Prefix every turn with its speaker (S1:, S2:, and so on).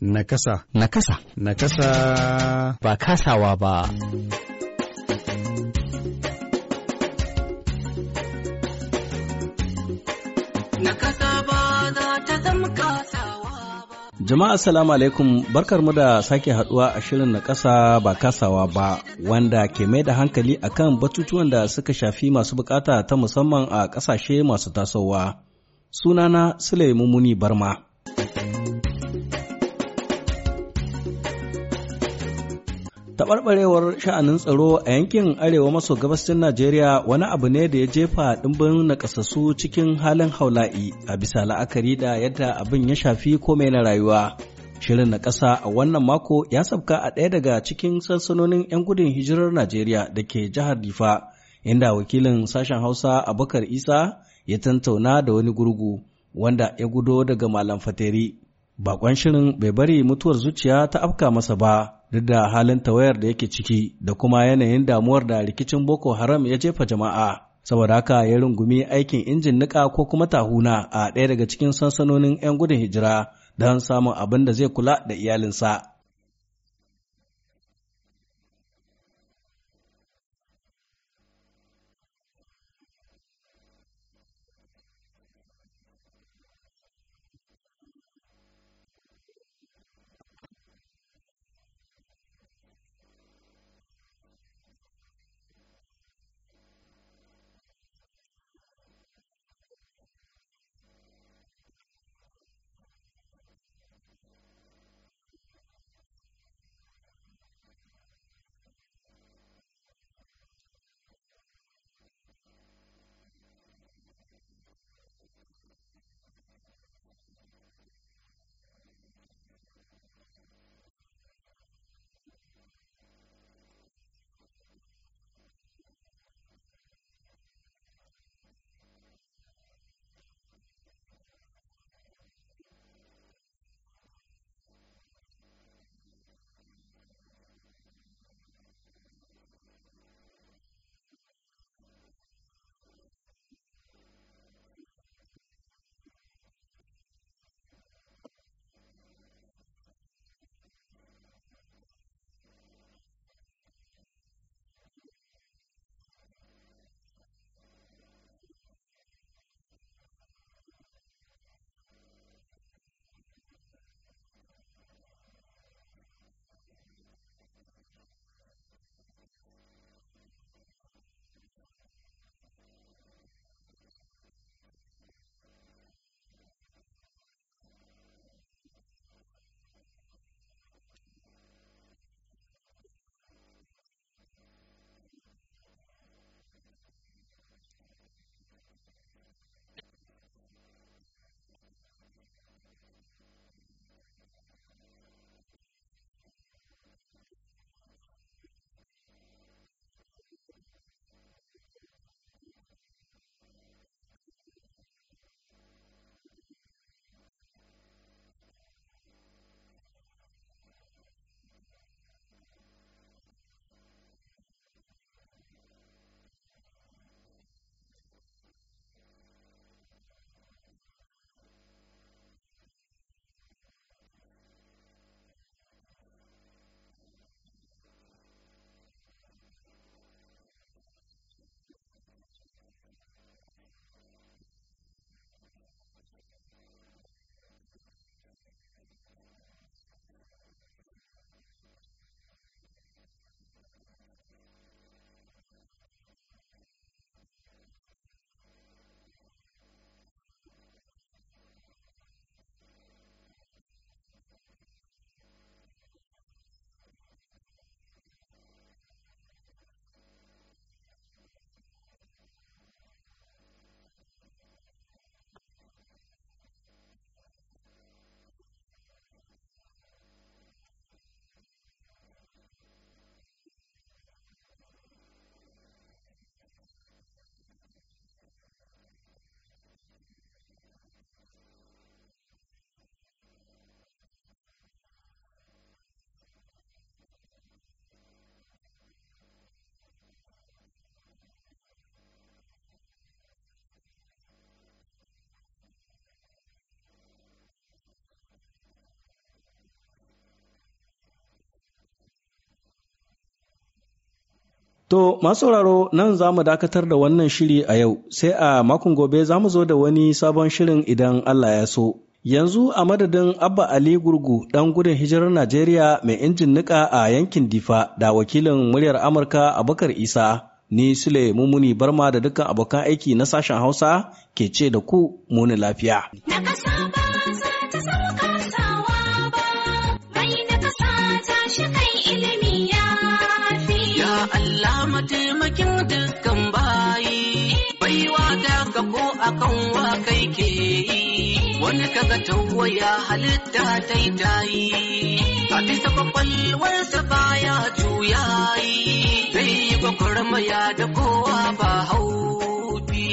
S1: Nakasa. Nakasa. Nakasa. Ba kasawa ba.
S2: Nakasa ba za ta zama kasawa
S1: ba. Jama'a salamu alaikum barkar mu da sake haduwa a shirin na kasa ba kasawa ba wanda ke mai da hankali akan batutuwan da suka shafi masu bukata ta musamman a ƙasashe masu tasowa. Sunana Sulaimu Muni Barma. taɓarɓarewar sha'anin tsaro a yankin arewa maso gabashin najeriya wani abu ne da ya jefa ɗimbin nakasassu cikin halin haula'i a bisa la'akari da yadda abin ya shafi komai na rayuwa shirin na ƙasa a wannan mako ya sabka a ɗaya daga cikin sansanonin 'yan gudun hijirar najeriya da ke jihar difa inda wakilin sashen hausa abubakar isa ya tantauna da wani gurgu wanda ya gudo daga malam fateri bakon shirin bai bari mutuwar zuciya ta afka masa ba duk da halin tawayar da yake ciki da kuma yanayin damuwar da rikicin boko haram ya jefa jama'a saboda haka ya rungumi aikin injin nika ko kuma tahuna a ɗaya daga cikin sansanonin 'yan gudun hijira don samun abin da zai kula da iyalinsa To, masu masauraro nan za mu dakatar da wannan shiri a yau, sai a makon gobe za mu zo da wani sabon shirin idan Allah ya so. Yanzu a madadin Abba Ali Gurgu ɗan gudun hijirar Najeriya mai injin niƙa a yankin Difa da wakilin muryar Amurka Abubakar Isa, ni Sule Mumuni Barma da dukkan abokan aiki na sashen Hausa ke ce da ku muni lafiya.
S2: mataimakin dukkan bayi baiwa da ka ko akan wa kai ke yi wani kaga tawaya halitta ta yi tayi a bisa kwakwalwarsa baya juya yi zai yi maya da kowa ba haufi.